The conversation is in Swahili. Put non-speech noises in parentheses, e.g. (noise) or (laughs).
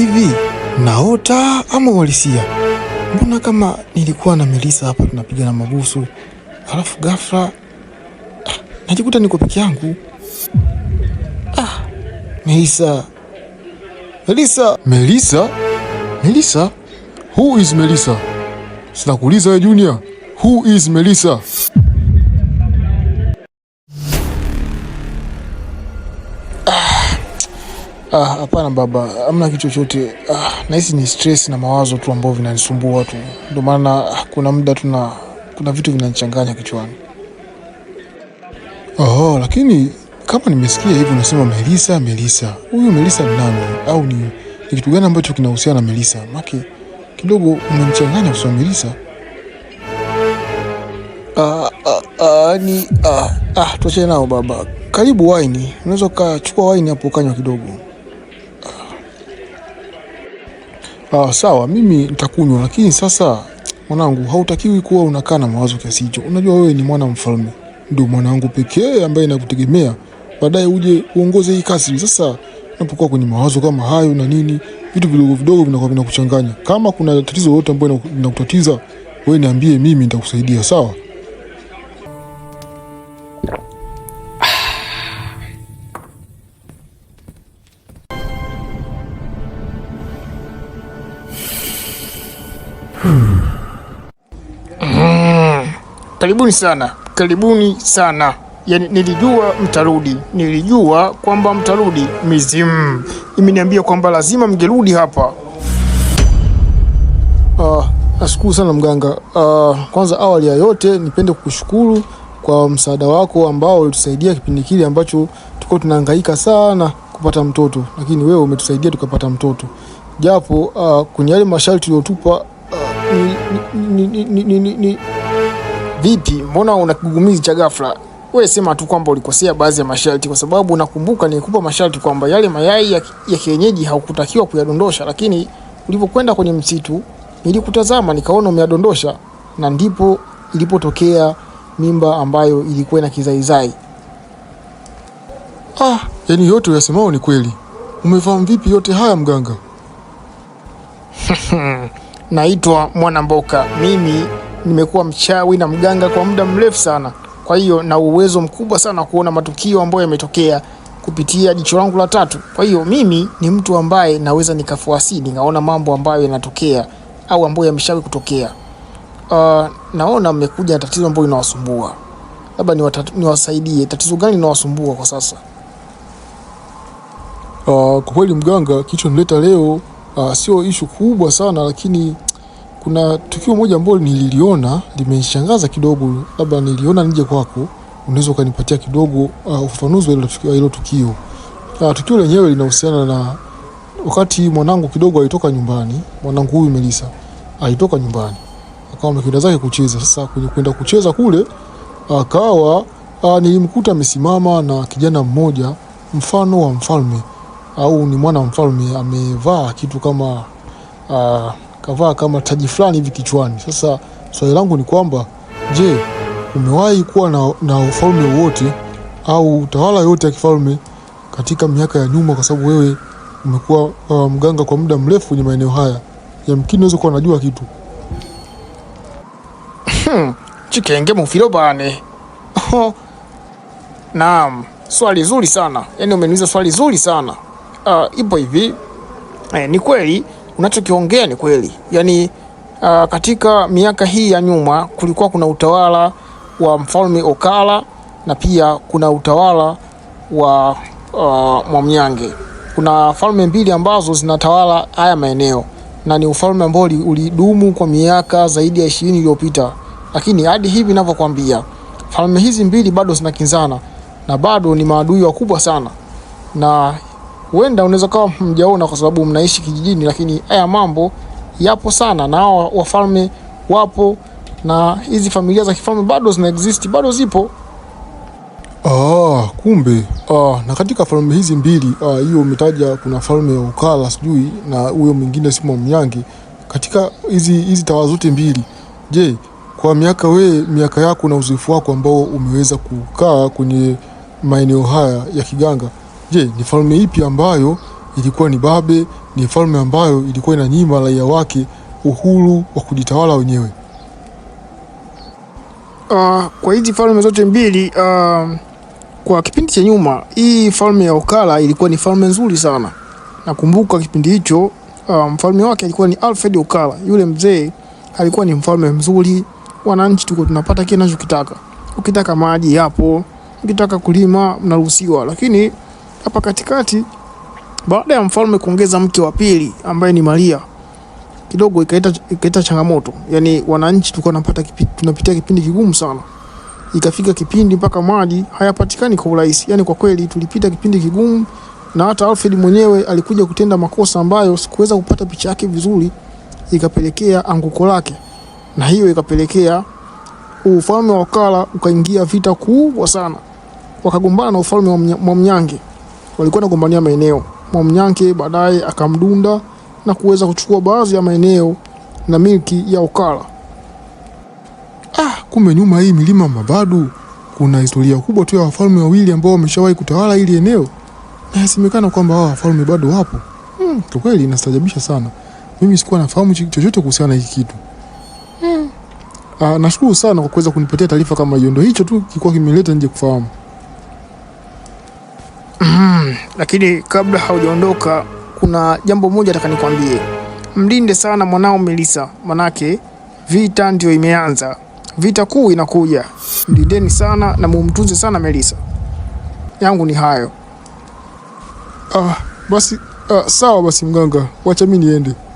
Hivi naota ama uhalisia? Mbona kama nilikuwa na Melisa hapa tunapiga na mabusu, alafu ghafla ah, najikuta niko peke yangu. Ah, Melisa, Melisa, Melisa, Melisa, who is Melisa? Sinakuuliza wewe Junior, who is Melisa? Ah, hapana baba, amna kitu chochote. Ah, nahisi ni stress na mawazo tu ambayo vinanisumbua tu, ndio maana kuna muda tuna kuna vitu vinanichanganya kichwani. Oho, lakini kama nimesikia hivi unasema Melisa, Melisa, huyu Melisa ni nani au ni, ni kitu gani ambacho kinahusiana na Melisa? Maki kidogo umemchanganya kusema Melisa. Ah, ah, ah, ni ah, ah, tuache nao baba. Karibu waini, unaweza ukachukua waini hapo ukanywa kidogo. Ah, sawa, mimi nitakunywa, lakini sasa mwanangu, hautakiwi kuwa unakaa na mawazo kiasi hicho. Unajua wewe ni mwana mfalme, ndio mwanangu pekee ambaye nakutegemea, baadaye uje uongoze hii kasri. Sasa unapokuwa kwenye mawazo kama hayo na nini, vitu vidogo vidogo vinakuwa vinakuchanganya. Kama kuna tatizo lolote ambalo linakutatiza wewe, niambie, mimi nitakusaidia. Sawa. karibuni sana, karibuni sana. Yani, nilijua mtarudi, nilijua kwamba mtarudi. Mizimu imeniambia kwamba lazima mgerudi hapa. Uh, nashukuru sana mganga. Uh, kwanza awali ya yote nipende kukushukuru kwa msaada wako ambao ulitusaidia kipindi kile ambacho tulikuwa tunahangaika sana kupata mtoto, lakini wewe umetusaidia tukapata mtoto, japo uh, kwenye yale masharti uliyotupa uh, ni, ni, ni, ni, ni, ni, Vipi, mbona una kigugumizi cha ghafla? Wewe sema tu kwamba ulikosea baadhi ya masharti, kwa sababu nakumbuka nilikupa masharti kwamba yale mayai ya, ya kienyeji haukutakiwa kuyadondosha, lakini ulipokwenda kwenye msitu nilikutazama nikaona umeyadondosha, na ndipo ilipotokea mimba ambayo ilikuwa na kizaizai. Ah, yani yote uyasemao ni kweli. Umefahamu vipi yote haya mganga? (laughs) Naitwa Mwanamboka mimi nimekuwa mchawi na mganga kwa muda mrefu sana, kwa hiyo na uwezo mkubwa sana kuona matukio ambayo yametokea kupitia jicho langu la tatu. Kwa hiyo mimi ni mtu ambaye naweza nikafuasi nikaona mambo ambayo yanatokea au ambayo yameshawahi kutokea. Uh, naona mmekuja na tatizo ambalo linawasumbua, labda niwasaidie. ni Tatizo gani linawasumbua kwa sasa? Uh, kwa kweli mganga, kichonileta leo uh, sio ishu kubwa sana lakini kuna tukio moja ambalo nililiona limenishangaza kidogo, labda niliona nije kwako, unaweza ukanipatia kidogo uh, ufafanuzi wa hilo tukio. Uh, tukio lenyewe linahusiana na wakati mwanangu kidogo alitoka nyumbani, mwanangu huyu Melissa alitoka nyumbani akawa amekwenda zake kucheza. Sasa kwenye kwenda kucheza kule akawa uh, nilimkuta amesimama na kijana mmoja mfano wa mfalme au ni mwana wa mfalme, amevaa kitu kama uh, kavaa kama taji fulani hivi kichwani. Sasa swali langu ni kwamba je, umewahi kuwa na, na ufalme wote au utawala yote ya kifalme katika miaka ya nyuma? Kwa sababu wewe umekuwa uh, mganga kwa muda mrefu kwenye maeneo haya, yamkini unaweza kuwa unajua kitu hmm, chikenge mufiro bane. Naam, swali zuri sana, yaani umeniuliza swali zuri sana. Uh, ipo hivi eh, ni kweli unachokiongea ni kweli. Yaani uh, katika miaka hii ya nyuma kulikuwa kuna utawala wa mfalme Okala na pia kuna utawala wa uh, Mwamnyange. Kuna falme mbili ambazo zinatawala haya maeneo na ni ufalme ambao ulidumu kwa miaka zaidi ya ishirini iliyopita, lakini hadi hivi ninavyokuambia, falme hizi mbili bado zinakinzana na bado ni maadui wakubwa sana na huenda unaweza kawa mjaona kwa sababu mnaishi kijijini, lakini haya mambo yapo sana, na hao wafalme wapo, na hizi familia za kifalme bado zina exist, bado zipo. Ah, kumbe ah, na katika falme hizi mbili ah, hiyo ah, umetaja kuna falme ya Ukala sijui na huyo mwingine Simo Mnyange. Katika hizi hizi tawala zote mbili, je, kwa miaka we miaka yako na uzoefu wako ambao umeweza kukaa kwenye maeneo haya ya Kiganga Je, ni falme ipi ambayo ilikuwa ni babe? Ni falme ambayo ilikuwa inanyima raia wake uhuru wa kujitawala wenyewe? Uh, kwa hizi falme zote mbili uh, kwa kipindi cha nyuma hii falme ya Okara ilikuwa ni falme nzuri sana. Nakumbuka kipindi hicho ah, mfalme um, wake alikuwa ni Alfred Okara. Yule mzee alikuwa ni mfalme mzuri, wananchi tuko tunapata kile tunachokitaka. Ukitaka maji yapo, ukitaka kulima mnaruhusiwa, lakini hapa katikati, baada ya mfalme kuongeza mke wa pili ambaye ni Maria, kidogo ikaita ikaita changamoto. Yani wananchi tulikuwa tunapata tunapitia kipindi kigumu sana, ikafika kipindi mpaka maji hayapatikani kwa urahisi. Yani kwa kweli tulipita kipindi kigumu, na hata Alfred mwenyewe alikuja kutenda makosa ambayo sikuweza kupata picha yake vizuri, ikapelekea anguko lake, na hiyo ikapelekea ufalme wa Wakala ukaingia vita kubwa sana, wakagombana na ufalme wa Mwamnyange walikuwa wanagombania maeneo. Mwamnyanke baadaye akamdunda na kuweza kuchukua baadhi ya maeneo na milki ya Okara. Ah, kumbe nyuma hii milima Mabadu kuna historia kubwa tu ya wafalme wawili ambao wameshawahi kutawala hili eneo, na inasemekana kwamba hao wafalme bado wapo. Hmm, kwa kweli inastajabisha sana. Mimi sikuwa nafahamu chochote kuhusiana na hiki kitu. Hmm. Ah, nashukuru sana kwa kuweza kunipatia taarifa kama hiyo. Ndio hicho tu kilikuwa kimeleta nje kufahamu. Lakini kabla haujaondoka, kuna jambo moja nataka nikwambie. Mlinde sana mwanao Melisa, manake vita ndio imeanza, vita kuu inakuja. Mlindeni sana na mumtunze sana Melisa. Yangu ni hayo. Ah, basi ah, sawa basi mganga, wacha mimi niende.